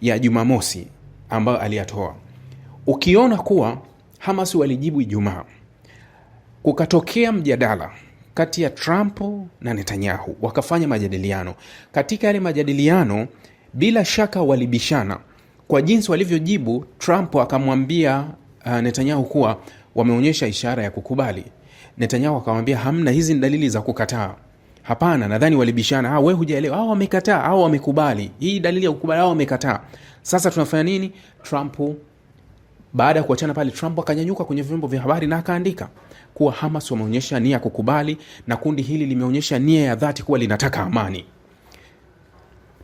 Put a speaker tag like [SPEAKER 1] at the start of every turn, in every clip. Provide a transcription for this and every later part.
[SPEAKER 1] ya Jumamosi ambayo aliyatoa. Ukiona kuwa Hamas walijibu Ijumaa, kukatokea mjadala kati ya Trump na Netanyahu, wakafanya majadiliano. Katika yale majadiliano, bila shaka walibishana kwa jinsi walivyojibu. Trump akamwambia uh, Netanyahu kuwa wameonyesha ishara ya kukubali. Netanyahu akamwambia hamna, hizi ni dalili za kukataa. Hapana, nadhani walibishana, ah, we hujaelewa, ah, wamekataa, ah, wamekubali. Hii dalili ya kukubali, ah, wamekataa. Sasa tunafanya nini? Trump baada ya kuachana pale, Trump akanyanyuka kwenye vyombo vya habari na akaandika kuwa Hamas wameonyesha nia ya kukubali na kundi hili limeonyesha nia ya dhati kuwa linataka amani.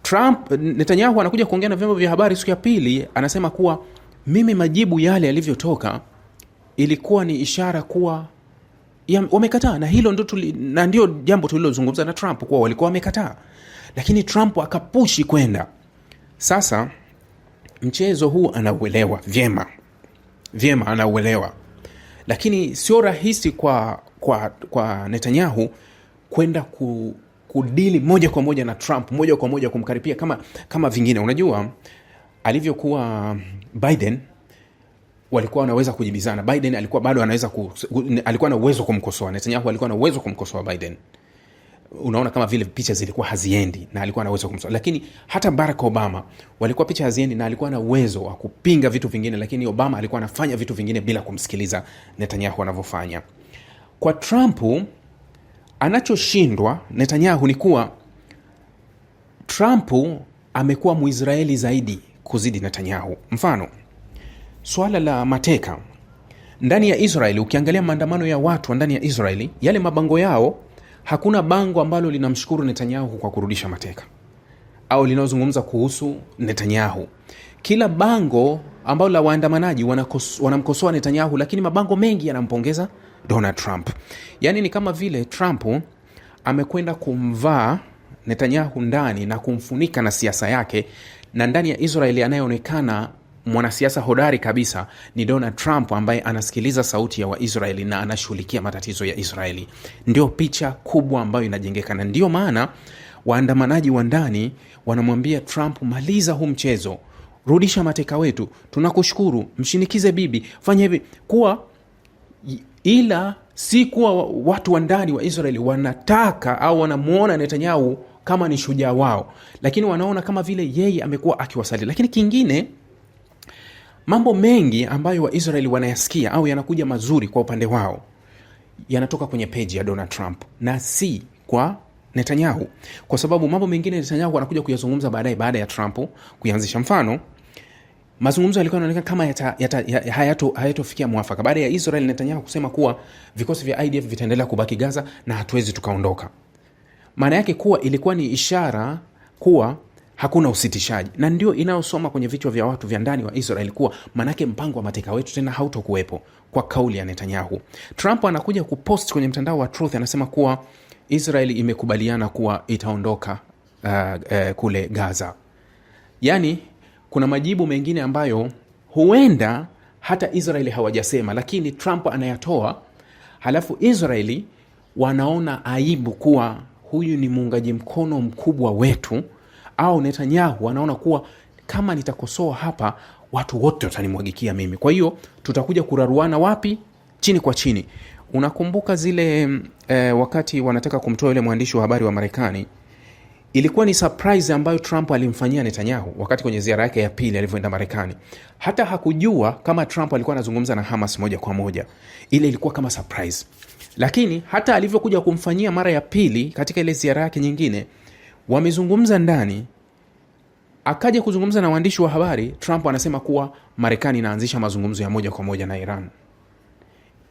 [SPEAKER 1] Trump, Netanyahu anakuja kuongea na vyombo vya habari siku ya pili, anasema kuwa mimi, majibu yale yalivyotoka ilikuwa ni ishara kuwa wamekataa, na hilo ndo tuli, na ndio jambo tulilozungumza na Trump kuwa walikuwa wamekataa, lakini Trump akapushi kwenda. Sasa mchezo huu anauelewa vyema vyema, anauelewa lakini sio rahisi kwa, kwa, kwa Netanyahu kwenda ku, kudili moja kwa moja na Trump moja kwa moja kumkaribia kama, kama vingine unajua alivyokuwa Biden walikuwa wanaweza kujibizana biden alikuwa bado anaweza ku, alikuwa na uwezo kumkosoa netanyahu alikuwa na uwezo kumkosoa biden unaona kama vile picha zilikuwa haziendi na alikuwa na kumsoa lakini hata barack obama walikuwa picha haziendi na alikuwa na uwezo wa kupinga vitu vingine lakini obama alikuwa anafanya vitu vingine bila kumsikiliza netanyahu anavyofanya kwa trump anachoshindwa netanyahu ni kuwa trump amekuwa muisraeli zaidi kuzidi netanyahu mfano swala la mateka ndani ya Israeli, ukiangalia maandamano ya watu ndani ya Israeli, yale mabango yao, hakuna bango ambalo linamshukuru Netanyahu kwa kurudisha mateka au linaozungumza kuhusu Netanyahu. Kila bango ambalo la waandamanaji wanamkosoa Netanyahu, lakini mabango mengi yanampongeza Donald Trump. Yaani ni kama vile Trump amekwenda kumvaa Netanyahu ndani na kumfunika na siasa yake, na ndani ya Israeli anayeonekana mwanasiasa hodari kabisa ni Donald Trump ambaye anasikiliza sauti ya Waisraeli na anashughulikia matatizo ya Israeli. Ndio picha kubwa ambayo inajengeka, na maana waandamanaji wa ndani wanamwambia Trump, maliza huu mchezo, rudisha mateka wetu, tunakushukuru, mshinikize bibi, fanya hivi kuwa ila si kuwa watu wa ndani wa Israeli wanataka au wanamwona Netanyahu kama ni shujaa wao, lakini wanaona kama vile yeye amekuwa akiwasalia. Lakini kingine Mambo mengi ambayo Waisraeli wanayasikia au yanakuja mazuri kwa upande wao yanatoka kwenye peji ya Donald Trump na si kwa Netanyahu, kwa sababu mambo mengine Netanyahu anakuja kuyazungumza baadaye baada ya Trump kuianzisha. Mfano, mazungumzo yalikuwa yanaonekana kama yata, yata, hayatofikia mwafaka baada ya Israel Netanyahu kusema kuwa vikosi vya IDF vitaendelea kubaki Gaza na hatuwezi tukaondoka. Maana yake kuwa ilikuwa ni ishara kuwa hakuna usitishaji, na ndio inayosoma kwenye vichwa vya watu vya ndani wa Israel kuwa manake mpango wa mateka wetu tena hautokuwepo kwa kauli ya Netanyahu. Trump anakuja kupost kwenye mtandao wa Truth, anasema kuwa Israel imekubaliana kuwa itaondoka uh, uh, kule Gaza. Yaani kuna majibu mengine ambayo huenda hata Israeli hawajasema, lakini Trump anayatoa, halafu Israeli wanaona aibu kuwa huyu ni muungaji mkono mkubwa wetu au Netanyahu anaona kuwa kama nitakosoa hapa watu wote watanimwagikia mimi, kwa hiyo tutakuja kuraruana wapi? Chini kwa chini. Unakumbuka zile e, wakati wanataka kumtoa yule mwandishi wa habari wa Marekani, ilikuwa ni surprise ambayo Trump alimfanyia Netanyahu wakati kwenye ziara yake ya pili alivyoenda Marekani. Hata hakujua kama Trump alikuwa anazungumza na Hamas moja kwa moja, ile ilikuwa kama surprise. Lakini hata alivyokuja kumfanyia mara ya pili katika ile ziara yake nyingine wamezungumza ndani akaja kuzungumza na waandishi wa habari. Trump anasema kuwa Marekani inaanzisha mazungumzo ya moja kwa moja na Iran.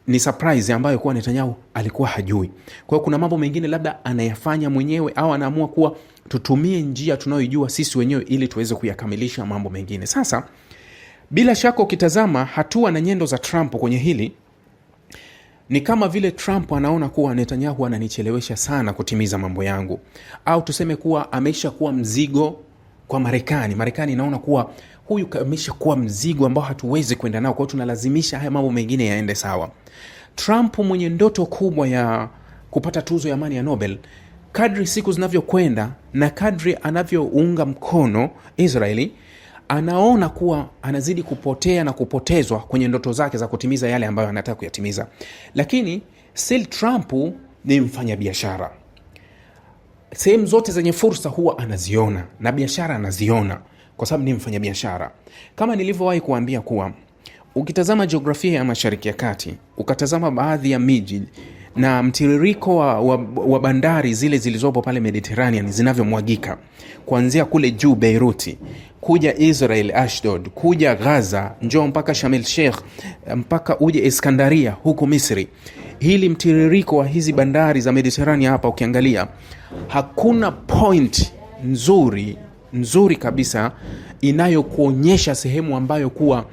[SPEAKER 1] Ni surprise ambayo kuwa Netanyahu alikuwa hajui. Kwa hiyo kuna mambo mengine labda anayafanya mwenyewe au anaamua kuwa tutumie njia tunayoijua sisi wenyewe ili tuweze kuyakamilisha mambo mengine. Sasa bila shaka ukitazama hatua na nyendo za Trump kwenye hili ni kama vile Trump anaona kuwa Netanyahu ananichelewesha sana kutimiza mambo yangu, au tuseme kuwa ameisha kuwa mzigo kwa Marekani. Marekani inaona kuwa huyu ameisha kuwa mzigo ambao hatuwezi kwenda nao, kwao tunalazimisha haya mambo mengine yaende sawa. Trump mwenye ndoto kubwa ya kupata tuzo ya amani ya Nobel, kadri siku zinavyokwenda na kadri anavyounga mkono Israeli anaona kuwa anazidi kupotea na kupotezwa kwenye ndoto zake za kutimiza yale ambayo anataka kuyatimiza. Lakini Sil Trump ni mfanyabiashara, sehemu zote zenye fursa huwa anaziona na biashara anaziona, kwa sababu ni mfanyabiashara. Kama nilivyowahi kuambia kuwa ukitazama jiografia ya Mashariki ya Kati, ukatazama baadhi ya miji na mtiririko wa, wa, wa bandari zile zilizopo pale mediteranean zinavyomwagika kuanzia kule juu Beiruti kuja Israel Ashdod kuja Gaza njoo mpaka shamel Sheikh mpaka uje Iskandaria huku Misri. Hili mtiririko wa hizi bandari za mediterania hapa, ukiangalia hakuna point nzuri nzuri kabisa inayokuonyesha sehemu ambayo kuwa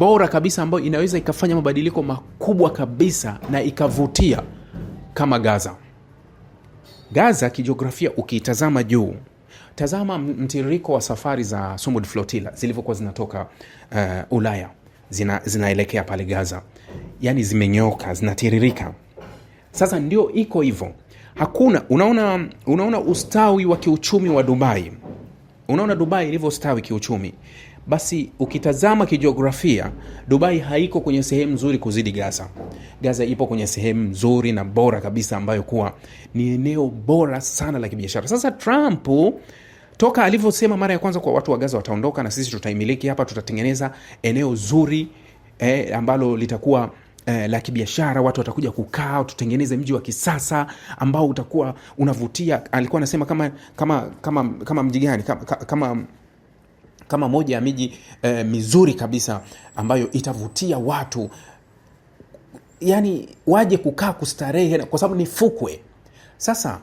[SPEAKER 1] bora kabisa ambayo inaweza ikafanya mabadiliko makubwa kabisa na ikavutia kama Gaza. Gaza kijiografia, ukiitazama juu, tazama mtiririko wa safari za Sumud flotila zilivyokuwa zinatoka uh, Ulaya zina, zinaelekea pale Gaza, yani zimenyoka, zinatiririka. Sasa ndio iko hivyo, hakuna unaona, unaona ustawi wa kiuchumi wa Dubai, unaona Dubai ilivyostawi kiuchumi basi ukitazama kijiografia, Dubai haiko kwenye sehemu nzuri kuzidi Gaza. Gaza ipo kwenye sehemu nzuri na bora kabisa, ambayo kuwa ni eneo bora sana la kibiashara. Sasa Trump toka alivyosema mara ya kwanza kwa watu wa Gaza wataondoka na sisi tutaimiliki hapa, tutatengeneza eneo zuri eh, ambalo litakuwa eh, la kibiashara, watu watakuja kukaa, tutengeneze mji wa kisasa ambao utakuwa unavutia. Alikuwa anasema kama kama kama kama mji gani, kama, kama kama moja ya miji eh, mizuri kabisa ambayo itavutia watu yani waje kukaa kustarehe, kwa sababu ni fukwe. Sasa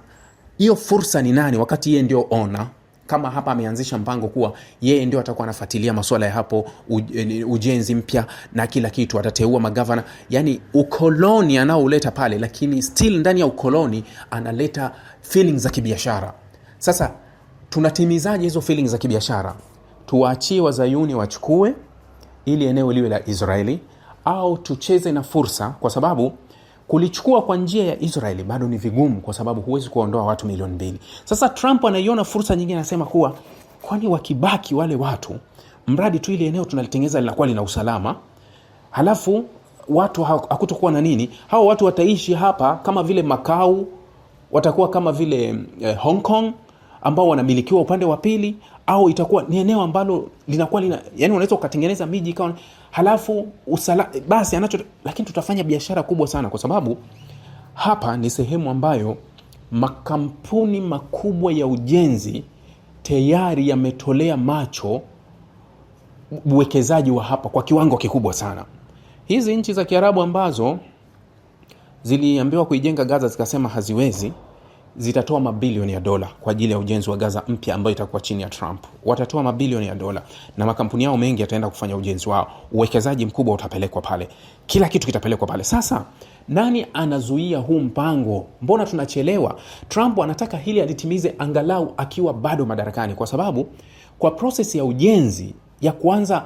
[SPEAKER 1] hiyo fursa ni nani, wakati yeye ndio ona kama hapa ameanzisha mpango kuwa yeye ndio atakuwa anafuatilia masuala ya hapo eh, ujenzi mpya na kila kitu, atateua magavana. Yani ukoloni anaouleta pale, lakini still ndani ya ukoloni analeta feelings za kibiashara. Sasa tunatimizaje hizo feelings za kibiashara? tuwaachie wazayuni wachukue ili eneo liwe la Israeli au tucheze na fursa, kwa sababu kulichukua kwa njia ya Israeli bado ni vigumu, kwa sababu huwezi kuwaondoa watu milioni mbili. Sasa Trump anaiona fursa nyingine, anasema kuwa kwani wakibaki wale watu, mradi tu ili eneo tunalitengeza linakuwa lina usalama, halafu watu hakutokuwa na nini, hawa watu wataishi hapa kama vile Makau, watakuwa kama vile eh, Hong Kong ambao wanamilikiwa upande wa pili, au itakuwa ni eneo ambalo linakuwa lina, yani unaweza ukatengeneza miji ikawa halafu usala, basi anacho, lakini tutafanya biashara kubwa sana, kwa sababu hapa ni sehemu ambayo makampuni makubwa ya ujenzi tayari yametolea macho uwekezaji wa hapa kwa kiwango kikubwa sana. Hizi nchi za Kiarabu ambazo ziliambiwa kuijenga Gaza zikasema haziwezi zitatoa mabilioni ya dola kwa ajili ya ujenzi wa Gaza mpya ambayo itakuwa chini ya Trump. Watatoa mabilioni ya dola na makampuni yao mengi yataenda kufanya ujenzi wao. Uwekezaji mkubwa utapelekwa pale, kila kitu kitapelekwa pale. Sasa nani anazuia huu mpango? Mbona tunachelewa? Trump anataka hili alitimize angalau akiwa bado madarakani, kwa sababu kwa proses ya ujenzi ya kuanza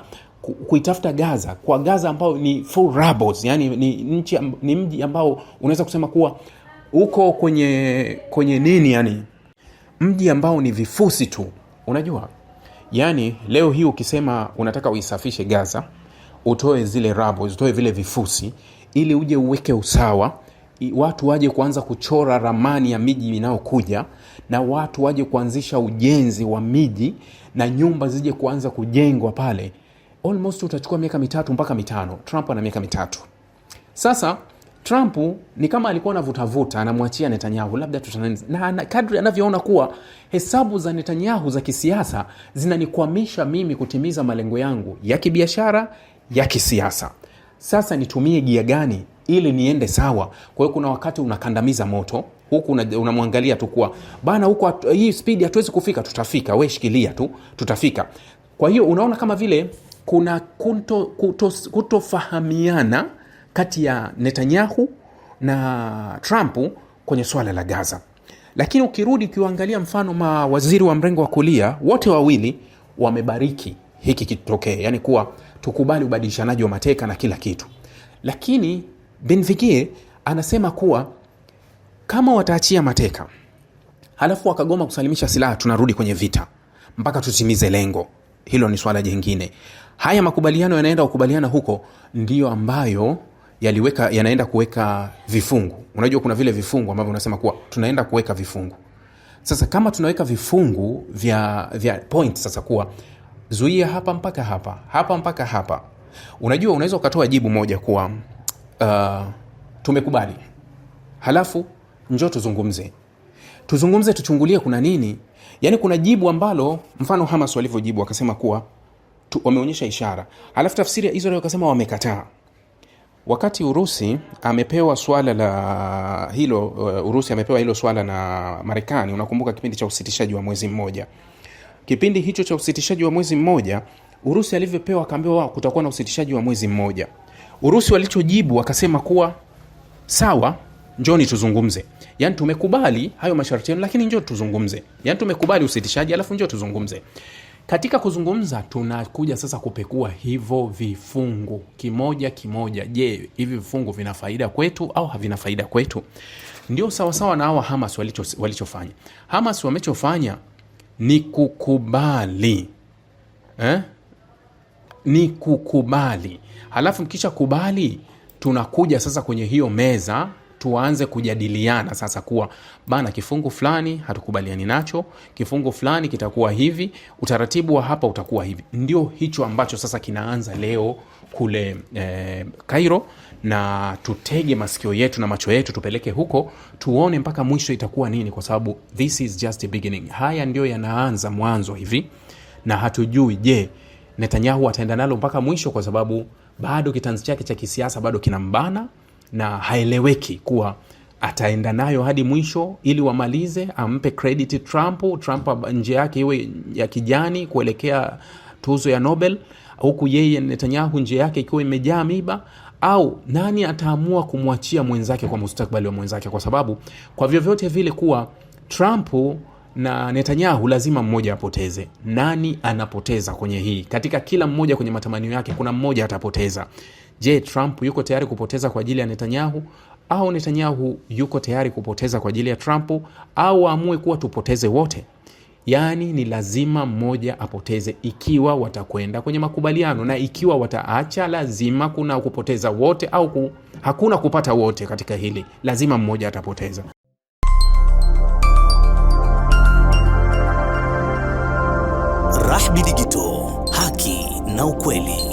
[SPEAKER 1] kuitafuta Gaza kwa Gaza ambayo ni full rubbles, yani ni ni mji ambao unaweza kusema kuwa uko kwenye kwenye nini yani mji ambao ni vifusi tu unajua yani leo hii ukisema unataka uisafishe gaza utoe zile rabo utoe vile vifusi ili uje uweke usawa watu waje kuanza kuchora ramani ya miji inayokuja na watu waje kuanzisha ujenzi wa miji na nyumba zije kuanza kujengwa pale almost utachukua miaka mitatu mpaka mitano trump ana miaka mitatu sasa Trump ni kama alikuwa anavutavuta, anamwachia Netanyahu labda tuta na, na kadri anavyoona kuwa hesabu za Netanyahu za kisiasa zinanikwamisha mimi kutimiza malengo yangu ya kibiashara, ya kisiasa, sasa nitumie gia gani ili niende sawa. Kwa hiyo kuna wakati unakandamiza moto huku unamwangalia tu kuwa bana, huku hii spidi hatuwezi kufika, tutafika, we shikilia tu, tutafika. Kwa hiyo unaona kama vile kuna kuto, kuto, kutofahamiana kati ya Netanyahu na Trump kwenye swala la Gaza. Lakini ukirudi ukiwaangalia, mfano mawaziri wa mrengo wa kulia wote wawili wamebariki hiki kitokee, yani kuwa tukubali ubadilishanaji wa mateka na kila kitu, lakini Benvigie anasema kuwa kama wataachia mateka halafu wakagoma kusalimisha silaha, tunarudi kwenye vita mpaka tutimize lengo. Hilo ni swala jingine. Haya makubaliano yanaenda kukubaliana huko, ndiyo ambayo yaliweka yanaenda kuweka vifungu unajua kuna vile vifungu ambavyo unasema kuwa tunaenda kuweka vifungu sasa kama tunaweka vifungu vya vya point sasa kuwa zuia hapa mpaka hapa hapa mpaka hapa unajua unaweza ukatoa jibu moja kuwa uh, tumekubali halafu njo tuzungumze tuzungumze tuchungulie kuna nini yaani kuna jibu ambalo mfano hamas walivyojibu wakasema kuwa wameonyesha ishara alafu tafsiri ya israel wakasema wamekataa wakati Urusi amepewa swala la hilo uh, Urusi amepewa hilo swala na Marekani. Unakumbuka kipindi cha usitishaji wa mwezi mmoja, kipindi hicho cha usitishaji wa mwezi mmoja, Urusi alivyopewa akaambiwa wao kutakuwa na usitishaji wa mwezi mmoja. Urusi walichojibu wakasema kuwa sawa, njoni tuzungumze, yani tumekubali hayo masharti yenu, lakini njoo tuzungumze, yani tumekubali usitishaji, alafu njoo tuzungumze. Katika kuzungumza tunakuja sasa kupekua hivyo vifungu kimoja kimoja. Je, hivi vifungu vina faida kwetu au havina faida kwetu? Ndio sawasawa na hawa Hamas walichofanya walicho Hamas wamechofanya ni kukubali eh? ni kukubali, halafu mkisha kubali tunakuja sasa kwenye hiyo meza tuanze kujadiliana sasa kuwa bana, kifungu fulani hatukubaliani nacho, kifungu fulani kitakuwa hivi, utaratibu wa hapa utakuwa hivi. Ndio hicho ambacho sasa kinaanza leo kule eh, Cairo, na tutege masikio yetu na macho yetu tupeleke huko tuone mpaka mwisho itakuwa nini, kwa sababu this is just beginning. Haya ndio yanaanza mwanzo hivi, na hatujui je, Netanyahu ataenda nalo mpaka mwisho, kwa sababu bado kitanzi chake cha kisiasa bado kinambana na haeleweki kuwa ataenda nayo hadi mwisho ili wamalize, ampe credit Trump. Trump njia yake iwe ya kijani kuelekea tuzo ya Nobel, huku yeye Netanyahu njia yake ikiwa imejaa miba au nani ataamua kumwachia mwenzake kwa mustakbali wa mwenzake, kwa sababu kwa vyovyote vile kuwa Trump na Netanyahu lazima mmoja apoteze. Nani anapoteza kwenye hii? Katika kila mmoja kwenye matamanio yake kuna mmoja atapoteza. Je, Trump yuko tayari kupoteza kwa ajili ya Netanyahu au Netanyahu yuko tayari kupoteza kwa ajili ya Trump au waamue kuwa tupoteze wote? Yaani ni lazima mmoja apoteze, ikiwa watakwenda kwenye makubaliano na ikiwa wataacha, lazima kuna kupoteza wote au ku, hakuna kupata wote katika hili, lazima mmoja atapoteza.
[SPEAKER 2] Rahby Digital, haki na ukweli.